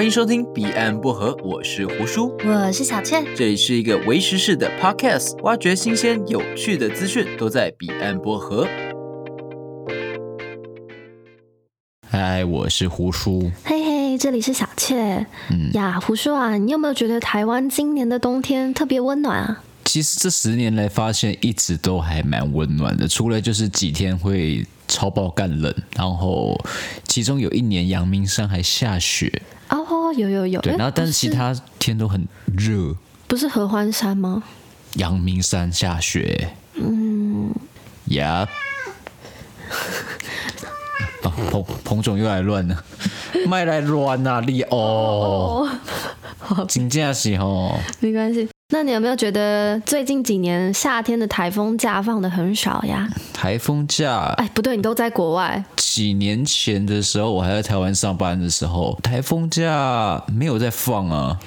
歡迎收聽《彼岸薄荷》，我是狐叔，我是小雀，這裡是一個微時事的 podcast，挖掘新鮮有趣的資訊，都在《彼岸薄荷》。嗨，我是狐叔，嘿嘿，這裡是小雀，嗯呀，狐叔啊，你有沒有覺得台灣今年的冬天特別溫暖啊？其實這十年來發現一直都還蠻溫暖的，除了就是幾天會超爆乾冷，然後其中有一年陽明山還下雪。有有有，對，然後但是其他天都很熱。欸，不是合歡山嗎？陽明山下雪，嗯，呀、yeah， 啊，彭彭總又來亂了，麥 來亂啊你哦？好，真的是吼，沒關係。那你有沒有覺得最近幾年夏天的台風假放得很少呀？台風假？哎，不對，你都在國外。幾年前的時候，我還在台灣上班的時候，台風假沒有在放啊。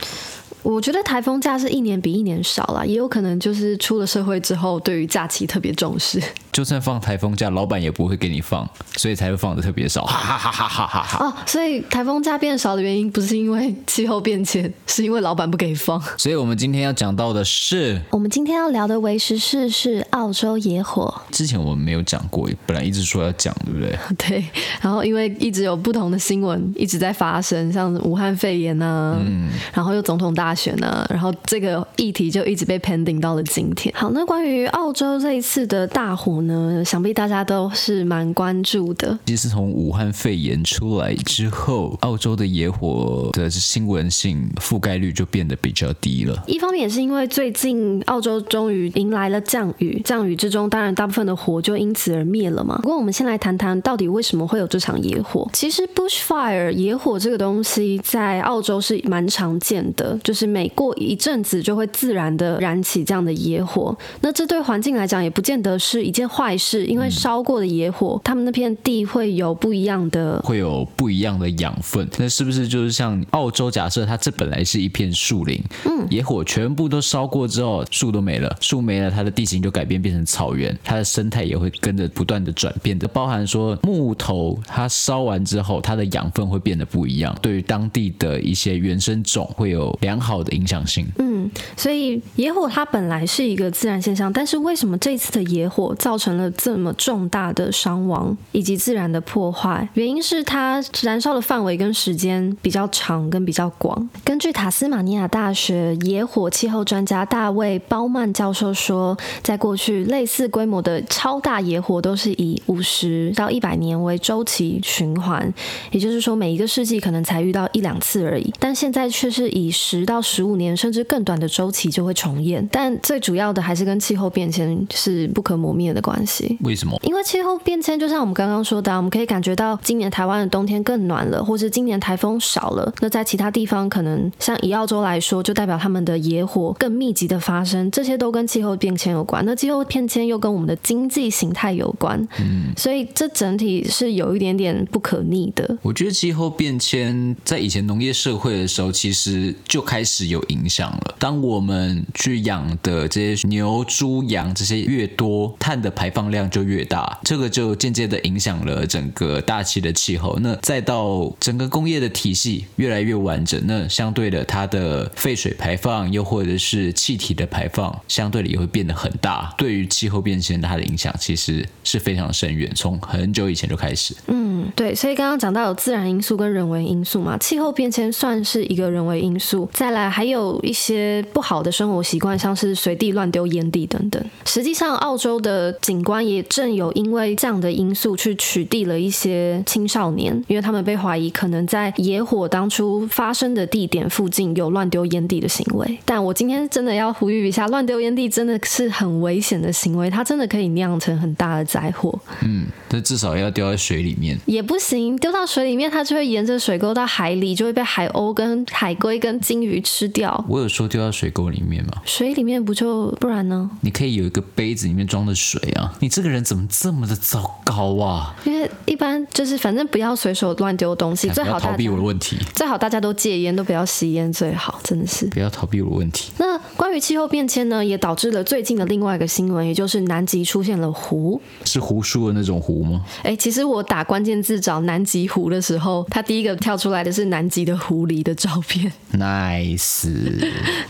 我覺得台風假是一年比一年少了，也有可能就是出了社會之後，對於假期特別重視。就算放台風假，老板也不會給你放，所以才會放的特別少。哈哈哈哈哈哈。哦，所以台風假變少的原因不是因為氣候變遷，是因為老板不給放。所以，我們今天要講到的是，我們今天要聊的為時事是澳洲野火。之前我們沒有講過，本來一直說要講，對不對？對。然後，因為一直有不同的新聞一直在發生，像武漢肺炎啊、嗯，然後又總統大選啊，然後這個議題就一直被 pending 到了今天。好，那關於澳洲這一次的大火。呢，想必大家都是蠻關注的。其實從武漢肺炎出來之後，澳洲的野火的新聞性覆蓋率就變得比較低了。一方面也是因為最近澳洲終於迎來了降雨，降雨之中當然大部分的火就因此而滅了嘛。不過我們先來談談到底為什麼會有這場野火。其實 bushfire 野火這個東西在澳洲是蠻常見的，就是每過一陣子就會自然的燃起這樣的野火。那這對環境來講也不見得是一件。壞事，因為燒過的野火，他們，嗯，那片地會有不一樣的，會有不一樣的養分。那是不是就是像澳洲？假設它這本來是一片樹林，嗯，野火全部都燒過之後，樹都沒了，樹沒了，它的地形就改變，變成草原，它的生態也會跟着不斷的轉變的。包含說木頭，它燒完之後，它的養分會變得不一樣，對於當地的一些原生種會有良好的影響性。嗯，所以野火它本來是一個自然現象，但是為什麼這次的野火造成成了這麼重大的傷亡以及自然的破壞，原因是它燃燒的範圍跟時間比較長跟比較廣。根據塔斯馬尼亞大學野火氣候專家大衛·鮑曼教授說，在過去類似規模的超大野火都是以五十到一百年為周期循環，也就是說每一個世紀可能才遇到一兩次而已。但現在卻是以十到十五年甚至更短的周期就會重演。但最主要的還是跟氣候變遷是不可磨滅的關係。關係為什麼？因為氣候變遷，就像我們剛剛說的，我們可以感覺到今年台灣的冬天更暖了，或是今年台風少了。那在其他地方，可能像以澳洲來說，就代表他們的野火更密集的發生，這些都跟氣候變遷有關。那氣候變遷又跟我們的經濟形態有關，嗯，所以這整體是有一點點不可逆的。我覺得氣候變遷在以前農業社會的時候，其實就開始有影響了。當我們去養的這些牛、豬、羊這些越多，碳的排排放量就越大，這個就間接的影響了整個大氣的氣候。那再到整個工業的體系越來越完整，那相對的，它的廢水排放又或者是氣體的排放，相對的也會變得很大。對於氣候變遷，它的影響其實是非常深遠，從很久以前就開始。嗯，對。所以剛剛講到有自然因素跟人為因素嘛，氣候變遷算是一個人為因素。再來，還有一些不好的生活習慣，像是隨地亂丟菸蒂等等。實際上，澳洲的。警官也正有因為這樣的因素去取締了一些青少年，因為他們被懷疑可能在野火當初發生的地點附近有亂丟菸蒂的行為。但我今天真的要呼籲一下，亂丟菸蒂真的是很危險的行為，它真的可以釀成很大的災禍。嗯，但至少要丟在水裡面。也不行，丟到水裡面它就會沿着水溝到海裡，就會被海鷗、跟海龜、跟金魚吃掉。我有說丟到水溝裡面嗎？水裡面不就不然呢？你可以有一個杯子裡面裝的水啊。啊、你這個人怎麼這麼的糟糕啊！因為一般就是反正不要隨手亂丟東西，不要逃避我的問題，最好大家都戒菸，都不要吸菸最好，真的是不要逃避我的問題。那。關於氣候變遷呢，也導致了最近的另外一個新聞，也就是南極出現了湖。是狐叔的那種湖嗎？哎、欸，其實我打關鍵字找南極湖的時候，它第一個跳出來的是南極的狐狸的照片。Nice，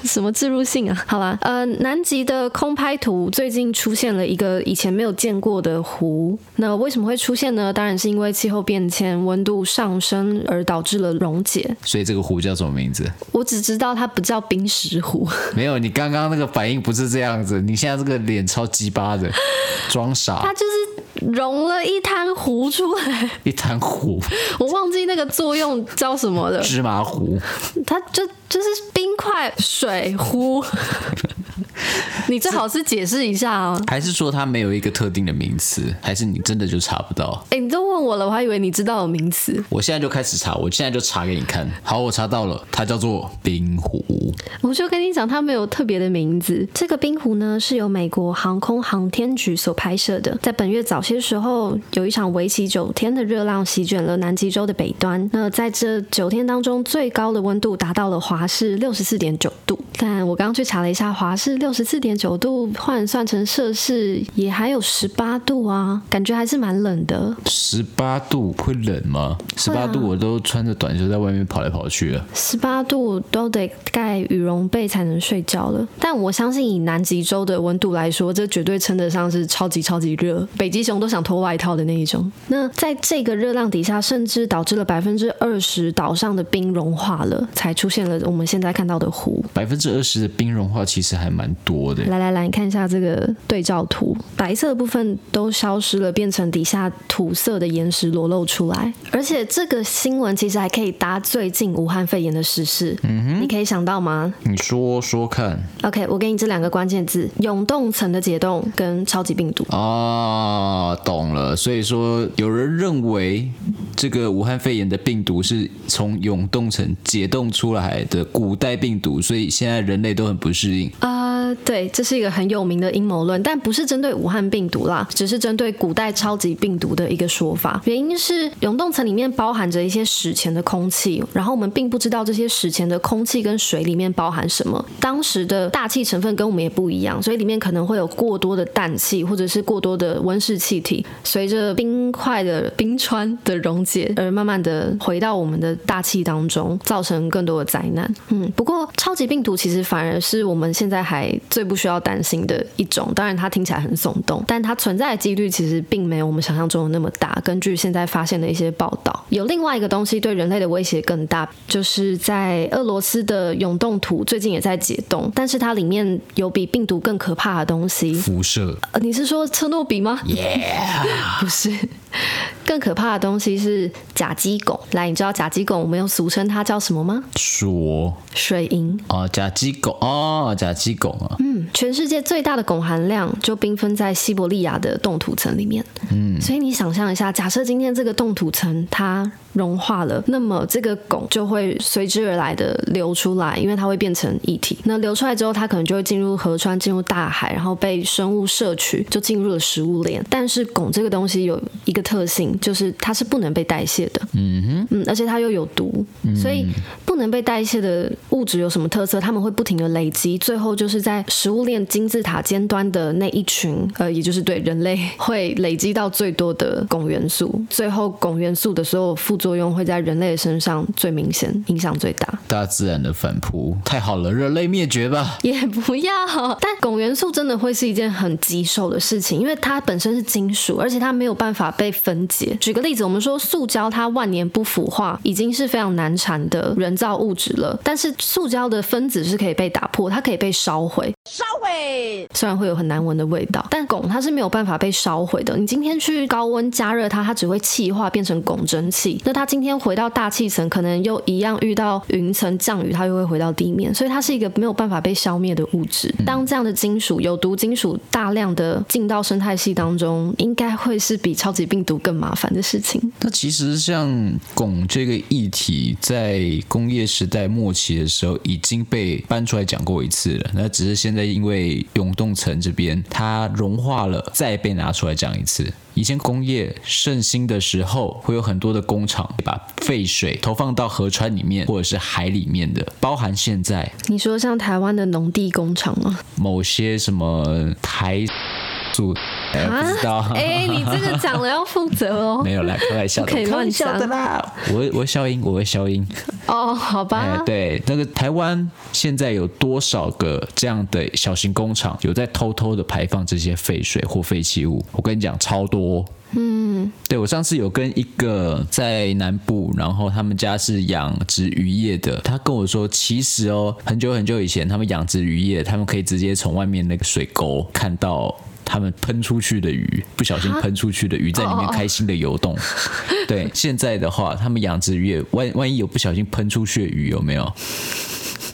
什麼置入性啊？好吧，呃，南極的空拍圖最近出現了一個以前沒有見過的湖，那為什麼會出現呢？當然是因為氣候變遷，溫度上升而導致了溶解。所以這個湖叫什麼名字？我只知道它不叫冰石湖，沒有。你剛剛那個反應不是這樣子，你現在這個臉超雞巴的，裝傻。它就是融了一灘糊出來，一灘糊。我忘記那個作用叫什麼的，芝麻糊。它就就是冰塊水糊。 你最好是解釋一下啊，還是說它沒有一個特定的名詞？還是你真的就查不到？哎，你都問我了，我還以為你知道有名詞。我現在就開始查，我現在就查給你看。好，我查到了，它叫做冰湖。我就跟你講，它沒有特別的名字。這個冰湖呢，是由美國航空航天局所拍攝的。在本月早些時候，有一場為期九天的熱浪席捲了南極洲的北端。那在這九天當中，最高的溫度達到了華氏六十四點九度。但我剛剛去查了一下，華氏六十四點九度換算成攝氏也還有十八度啊，感覺還是蠻冷的。十八度會冷嗎？十八度我都穿着短袖在外面跑來跑去的啊。十八度都得蓋羽絨被才能睡覺了。但我相信以南極洲的溫度來說，這絕對稱得上是超級超級熱，北極熊都想脫外套的那一種。那在這個熱浪底下，甚至導致了百分之二十島上的冰融化了，才出現了我們現在看到的湖。百分之。二十的冰融化其實還蠻多的。來來來，你看一下這個對照圖，白色部分都消失了，變成底下土色的岩石裸露出來。而且這個新聞其實還可以搭最近武漢肺炎的時事。嗯哼，你可以想到嗎？你說說看。OK，我給你這兩個關鍵字：永凍層的解凍跟超級病毒。啊、哦，懂了。所以說，有人認為這個武漢肺炎的病毒是從永凍層解凍出來的古代病毒，所以現在。但人類都很不適應。對，這是一個很有名的陰謀論，但不是針對武漢病毒啦，只是針對古代超級病毒的一個說法。原因是永凍層裡面包含着一些史前的空氣，然後我們並不知道這些史前的空氣跟水裡面包含什麼，當時的大氣成分跟我們也不一樣，所以裡面可能會有過多的氮氣，或者是過多的溫室氣體，隨着冰塊的冰川的溶解而慢慢的回到我們的大氣當中，造成更多的災難。嗯，不過超級病毒其實反而是我們現在還最不需要擔心的一種，當然它聽起來很聳動，但它存在的幾率其實並沒有我們想象中的那麼大。根據現在發現的一些報道，有另外一個東西對人類的威脅更大，就是在俄羅斯的永凍土最近也在解凍，但是它裡面有比病毒更可怕的東西——輻射。啊，你是說車諾比嗎？Yeah. 不是，更可怕的東西是甲基汞。來，你知道甲基汞我們又俗稱它叫什麼嗎？說水銀哦？甲基汞哦？甲基汞啊，嗯，全世界最大的汞含量就冰封在西伯利亞的凍土層裡面。嗯，所以你想象一下，假設今天這個凍土層它融化了，那麼這個汞就會隨之而來的流出來，因為它會變成液體。那流出來之後，它可能就會進入河川、進入大海，然後被生物攝取，就進入了食物鏈。但是汞這個東西有一個特性，就是它是不能被代謝的。嗯嗯，而且它又有毒，所以不能被代謝的物質有什麼特色？它們會不停的累積，最後就是在食物鏈金字塔尖端的那一群，呃，也就是對人類會累積到最多的汞元素，最後汞元素的所有副作用會在人類身上最明顯，影響最大。大自然的反撲，太好了，人類滅絕吧？也不要，但汞元素真的會是一件很棘手的事情，因為它本身是金屬，而且它沒有辦法被分解。舉個例子，我們說塑膠它萬年不腐化，已經是非常難纏的人造物質了。但是塑膠的分子是可以被打破，它可以被燒毀。燒毀雖然會有很難聞的味道，但汞它是沒有辦法被燒毀的，你經。今天去高溫加熱它，它只會氣化變成汞蒸氣。那它今天回到大氣層，可能又一樣遇到雲層降雨，它又會回到地面。所以它是一個沒有辦法被消滅的物質。當這樣的金屬、有毒金屬大量的進到生態系當中，應該會是比超級病毒更麻煩的事情。嗯。那其實像汞這個議題，在工業時代末期的時候已經被搬出來講過一次了。那只是現在因為永凍層這邊它融化了，再被拿出來講一次。以前工業盛行的時候，會有很多的工廠把廢水投放到河川裡面或者是海裡面的，包含現在。你說像台灣的農地工廠嗎？某些什麼台塑？啊、不知道，哎、欸，你這個講了要負責哦。 沒有啦，開玩笑的啦，你可以亂講啦。我會消音，我會消音。哦，好吧。欸、對，那個台灣現在有多少個這樣的小型工廠，有在偷偷的排放這些廢水或廢棄物？我跟你講，超多。嗯，對我上次有跟一個在南部，然後他們家是養殖漁業的，他跟我說，其實哦、喔，很久很久以前，他們養殖漁業，他們可以直接從外面那個水溝看到。他們噴出去的魚，不小心噴出去的魚，在裡面開心的游動。對，現在的話，他們養殖魚也，萬萬一有不小心噴出去的魚，有沒有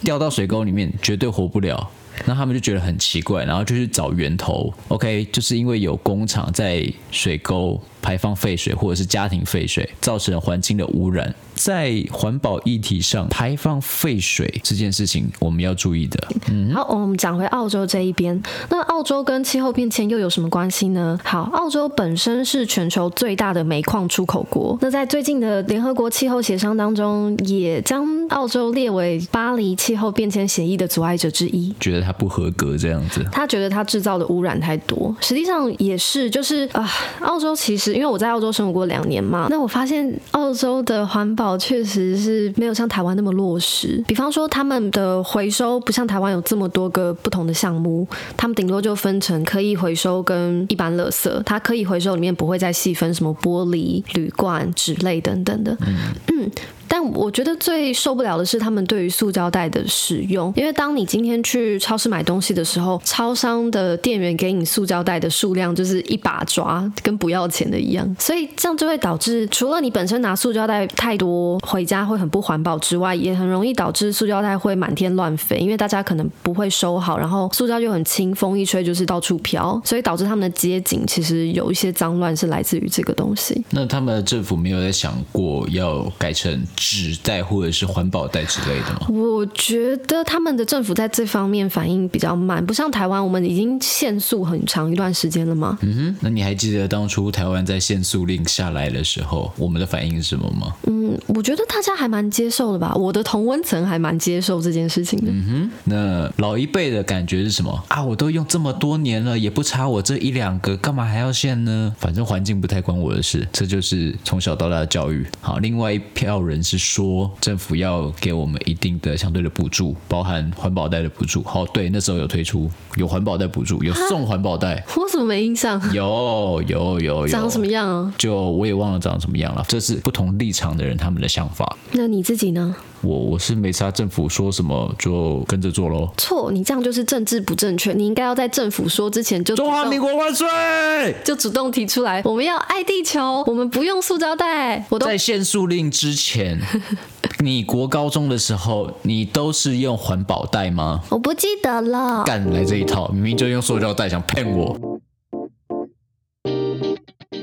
掉到水溝裡面，絕對活不了。那他們就覺得很奇怪，然後就去找源頭。OK，就是因為有工廠在水溝。排放廢水或者是家庭廢水，造成了環境的污染。在環保議題上，排放廢水這件事情，我們要注意的。嗯、好，我們講回澳洲這一邊。那澳洲跟氣候變遷又有什麼關係呢？好，澳洲本身是全球最大的煤礦出口國。那在最近的聯合國氣候協商當中，也將澳洲列為巴黎氣候變遷協議的阻礙者之一。覺得它不合格這樣子？他覺得它制造的污染太多。實際上也是，就是啊、呃，澳洲其實。因為我在澳洲生活過兩年嘛，那我發現澳洲的環保確實是沒有像台灣那麼落實。比方說，他們的回收不像台灣有這麼多個不同的項目，他們頂多就分成可以回收跟一般垃圾。它可以回收裡面不會再細分什麼玻璃、鋁罐、紙類等等的。嗯。嗯但我覺得最受不了的是他們對於塑膠袋的使用，因為當你今天去超市買東西的時候，超商的店員給你塑膠袋的數量就是一把抓，跟不要錢的一樣，所以這樣就會導致，除了你本身拿塑膠袋太多回家會很不環保之外，也很容易導致塑膠袋會滿天亂飛，因為大家可能不會收好，然後塑膠就很輕，風一吹就是到處飄，所以導致他們的街景其實有一些髒亂是來自於這個東西。那他們的政府沒有在想過要改成？紙袋或者是環保袋之類的嗎？我覺得他們的政府在這方面反應比較慢，不像台灣，我們已經限塑很長一段時間了嗎？嗯哼，那你還記得當初台灣在限塑令下來的時候，我們的反應是什麼嗎？嗯，我覺得大家還蠻接受的吧。我的同溫層還蠻接受這件事情的。嗯哼，那老一輩的感覺是什麼啊？我都用這麼多年了，也不差我這一兩個，幹嘛還要限呢？反正環境不太關我的事，這就是從小到大的教育。好，另外一票人。是說政府要給我們一定的相對的補助，包含環保袋的補助。好、oh，對，那時候有推出有環保袋補助，有送環保袋。啊，我怎麼沒印象？有有有有，長什麼樣啊？就我也忘了長什麼樣了。這是不同立場的人他們的想法。那你自己呢？我我是沒啥，政府說什麼就跟着做咯。錯，你這樣就是政治不正確。你應該要在政府說之前就中華民國萬歲，就主動提出來。我們要愛地球，我們不用塑膠袋。我都在限塑令之前， 你國高中的時候，你都是用環保袋嗎？我不記得了。幹，來這一套，明明就用塑膠袋，想騙我。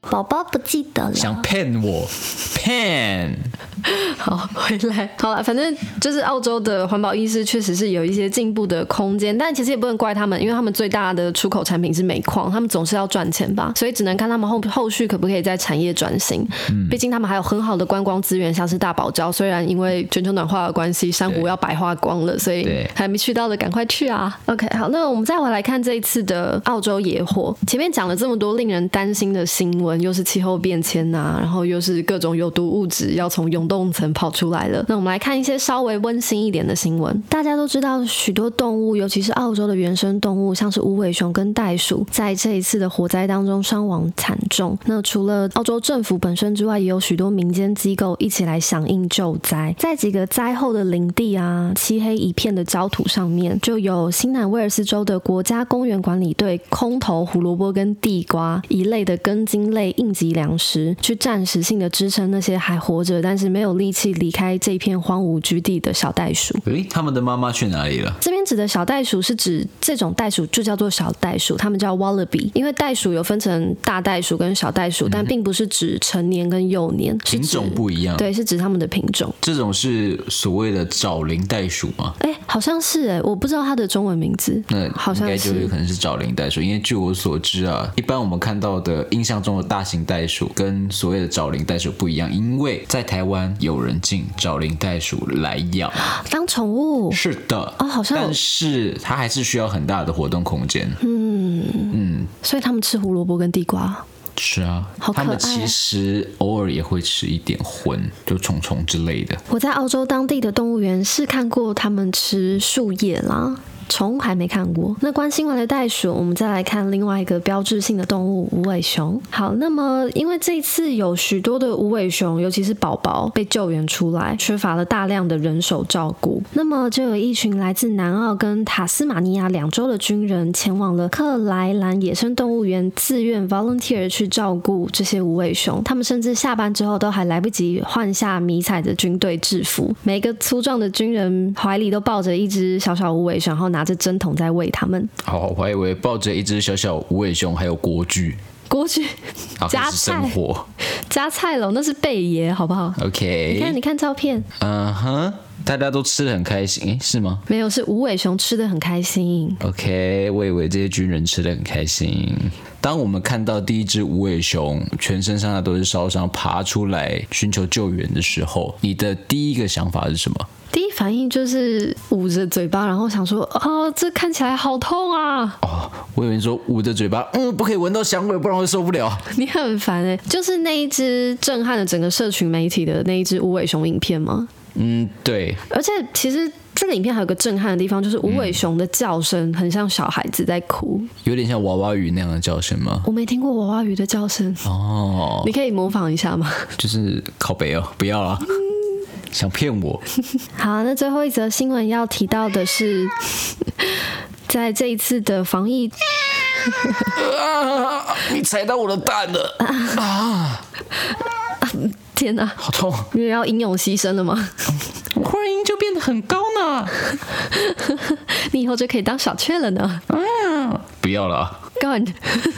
寶寶不記得了，想騙我，騙。 好，回來。好了，反正就是澳洲的環保意識確實是有一些進步的空間，但其實也不能怪他們，因為他們最大的出口產品是煤礦，他們總是要賺錢吧，所以只能看他們後後續可不可以在產業轉型。嗯、畢竟他們還有很好的觀光資源，像是大堡礁，雖然因為全球暖化的關係，珊瑚要白化光了，所以還沒去到的趕快去啊。OK，好，那我們再回來看這一次的澳洲野火，前面講了這麼多令人擔心的新聞，又是氣候變遷啊，然後又是各種有毒物質要從永凍層跑出來了。那我們來看一些稍微溫馨一點的新聞。大家都知道，許多動物，尤其是澳洲的原生動物，像是無尾熊跟袋鼠，在這一次的火災當中傷亡慘重。那除了澳洲政府本身之外，也有許多民間機構一起來響應救災。在幾個災後的林地啊，漆黑一片的焦土上面，就有新南威爾斯州的國家公園管理隊空投胡蘿蔔跟地瓜一類的根莖類應急糧食，去暫時性的支撐那些還活着但是。沒有力氣離開這一片荒蕪之地的小袋鼠。誒、欸，他們的媽媽去哪裡了？這邊指的小袋鼠是指這種袋鼠就叫做小袋鼠，他們叫 Wallaby，因為袋鼠有分成大袋鼠跟小袋鼠，嗯、但並不是指成年跟幼年品種不一樣。對，是指他們的品種。這種是所謂的沼林袋鼠嗎？哎、欸，好像是哎、欸，我不知道它的中文名字。那好像應該就有可能是沼林袋鼠，因為據我所知啊，一般我們看到的、印象中的大型袋鼠跟所謂的沼林袋鼠不一樣，因為在台灣。有人進找林袋鼠來養當寵物，是的哦，好像，但是它還是需要很大的活動空間。嗯嗯，所以他們吃胡蘿蔔跟地瓜，是啊，好可愛啊。他們其實偶爾也會吃一點葷，就蟲蟲之類的。我在澳洲當地的動物園是看過他們吃樹葉啦。蟲還沒看過。那關心完了袋鼠，我們再來看另外一個標誌性的動物——無尾熊。好，那麼因為這一次有許多的無尾熊，尤其是寶寶被救援出來，缺乏了大量的人手照顧，那麼就有一群來自南澳跟塔斯馬尼亞兩州的軍人前往了克萊蘭野生動物園，自願 volunteer 去照顧這些無尾熊，他們甚至下班之後都還來不及換下迷彩的軍隊制服，每個粗壯的軍人懷裡都抱着一隻小小無尾熊，然後拿。拿着針筒在餵他們。好，我還以為抱着一隻小小無尾熊還、啊，還有鍋具。鍋具，那是生活。加菜了，那是貝爺，好不好？OK，你看，你看照片。嗯哼，大家都吃的很開心，哎，是嗎？沒有，是無尾熊吃的很開心。OK，我以為這些軍人吃的很開心。當我們看到第一隻無尾熊全身上下都是燒傷，爬出來尋求救援的時候，你的第一個想法是什麼？第一反應就是捂着嘴巴，然後想說：“哦，這看起來好痛啊！”哦，我以為你說捂着嘴巴，嗯，不可以聞到香味，不然會受不了。你很煩哎、欸，就是那一隻震撼了整個社群媒體的那一隻無尾熊影片嗎？嗯，對。而且其實這個影片還有個震撼的地方，就是無尾熊的叫聲很像小孩子在哭，嗯、有點像娃娃魚那樣的叫聲嗎？我沒聽過娃娃魚的叫聲。哦，你可以模仿一下嗎？就是靠背哦，不要了。嗯想騙我？ 好，那最後一則新聞要提到的是，在這一次的防疫， 啊、你踩到我的蛋了 啊！天哪、啊，好痛！你要英勇犧牲了嗎？忽然 音就變得很高呢， 你以後就可以當小雀了呢。啊、不要了，God，God。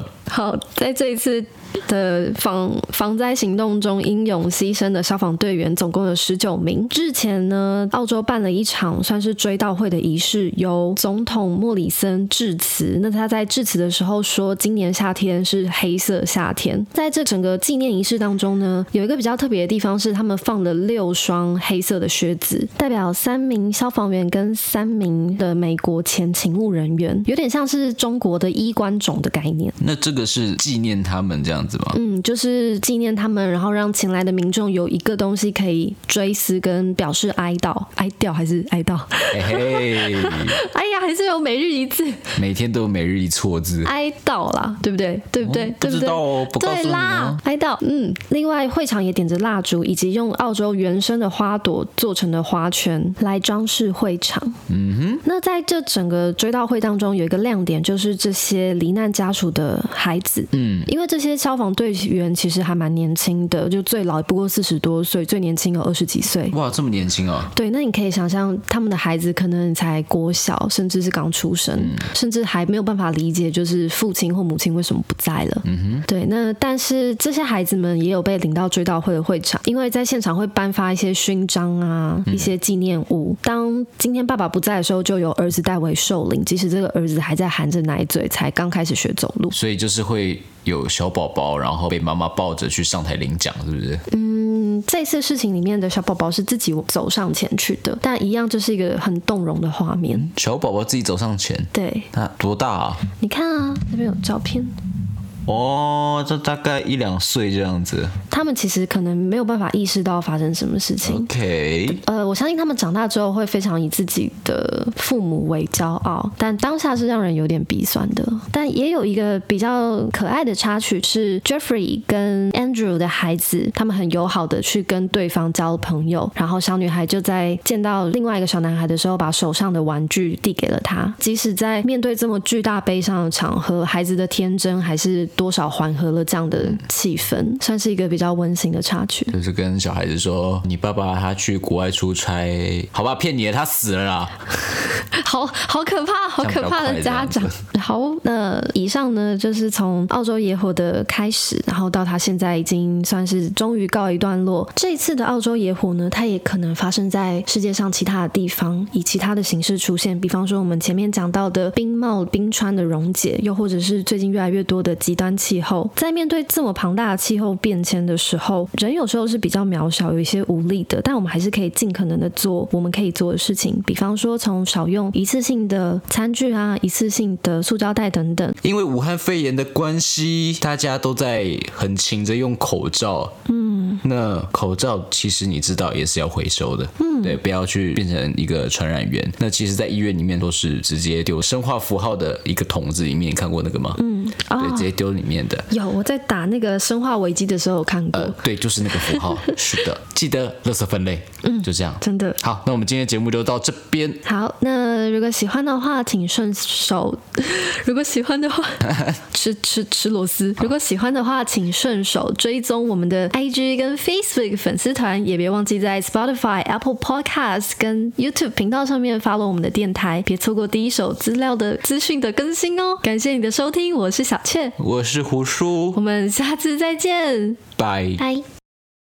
God. 好，在這一次。的防防災行動中英勇犧牲的消防隊員總共有十九名。之前呢，澳洲辦了一場算是追悼會的儀式，由總統莫里森致辭。那他在致辭的時候說，今年夏天是黑色夏天。在這整個紀念儀式當中呢，有一個比較特別的地方是，他們放了六雙黑色的靴子，代表三名消防員跟三名的美國前勤務人員，有點像是中國的衣冠塚的概念。那這個是紀念他們這樣。這樣子嗎？嗯，就是紀念他們，然後讓請來的民眾有一個東西可以追思跟表示哀悼，哀悼還是哀悼？哎、欸、 哎呀，還是有每日一字，每天都有每日一錯字，哀悼啦，對不對？對不對？哦、不知道、哦、不告訴、對啦、你啊，哀悼，嗯。另外，會場也點着蠟燭，以及用澳洲原生的花朵做成的花圈來裝飾會場。嗯哼。那在這整個追悼會當中，有一個亮點，就是這些罹難家屬的孩子，嗯，因為這些。消防隊員其實還蠻年輕的，就最老不過四十多歲，最年輕有二十幾歲。哇，這麼年輕啊！對，那你可以想象，他們的孩子可能才國小，甚至是剛出生，嗯，甚至還沒有辦法理解，就是父親或母親為什麼不在了。嗯哼，對。那但是這些孩子們也有被領到追悼會的會場，因為在現場會頒發一些勳章啊，嗯、一些紀念物。當今天爸爸不在的時候，就由兒子代為受領，即使這個兒子還在含着奶嘴，才剛開始學走路。所以就是會。有小寶寶，然後被媽媽抱着去上台領獎，是不是？嗯，這次事情裡面的小寶寶是自己走上前去的，但一樣就是一個很動容的畫面。嗯、小寶寶自己走上前，對，他多大啊？你看啊，那邊有照片。哦，這大概一兩歲這樣子。他們其實可能沒有辦法意識到發生什麼事情。OK，呃。我相信他們長大之後會非常以自己的父母為驕傲，但當下是讓人有點鼻酸的。但也有一個比較可愛的插曲是 Jeffrey 跟 Andrew 的孩子，他們很友好的去跟對方交朋友。然後小女孩就在見到另外一個小男孩的時候，把手上的玩具遞給了他。即使在面對這麼巨大悲傷的場合，孩子的天真還是多少緩和了這樣的氣氛，算是一個比較溫馨的插曲。就是跟小孩子說，你爸爸他去國外出。才好吧，騙你他死了啦！ 好好可怕，好可怕的家長。好，那以上呢，就是從澳洲野火的開始，然後到他現在已經算是終於告一段落。這一次的澳洲野火呢，它也可能發生在世界上其他的地方，以其他的形式出現。比方說，我們前面講到的冰帽、冰川的溶解，又或者是最近越來越多的極端氣候。在面對這麼龐大的氣候變遷的時候，人有時候是比較渺小，有一些無力的，但我們還是可以盡可。能的做我們可以做的事情，比方說從少用一次性的餐具啊、一次性的塑膠袋等等。因為武漢肺炎的關係，大家都在很勤着用口罩。嗯，那口罩其實你知道也是要回收的。嗯，對，不要去變成一個傳染源。那其實，在醫院裡面都是直接丟生化符號的一個桶子裡面。你看過那個嗎？嗯。哦、對，直接丟裡面的。有我在打那個《生化危機》的時候我看過、呃。對，就是那個符號。 是的，記得垃圾分類。嗯，就這樣。真的。好，那我們今天節目就到這邊。好，那如果喜歡的話，請順手， 如果喜歡的話， 吃吃吃螺絲、啊，如果喜歡的話，請順手追蹤我們的 IG 跟 Facebook 粉絲團，也別忘記在 Spotify、Apple Podcasts 跟 YouTube 頻道上面 follow 我們的電台，別錯過第一手資料的資訊的更新哦。感謝你的收聽，我是。我是小雀，我是狐叔，我們下次再見，拜拜。